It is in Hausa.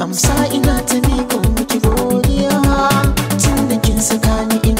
amsa ina ta miƙo miki godiya tun da kin saka ni